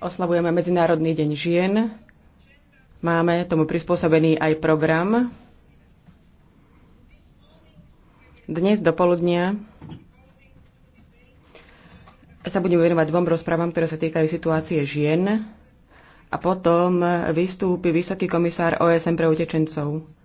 oslavujeme Medzinárodný deň žien. Máme tomu prispôsobený aj program. Dnes do poludnia sa budeme venovať dvom rozprávam, ktoré sa týkajú situácie žien a potom vystúpi vysoký komisár OSN pre utečencov.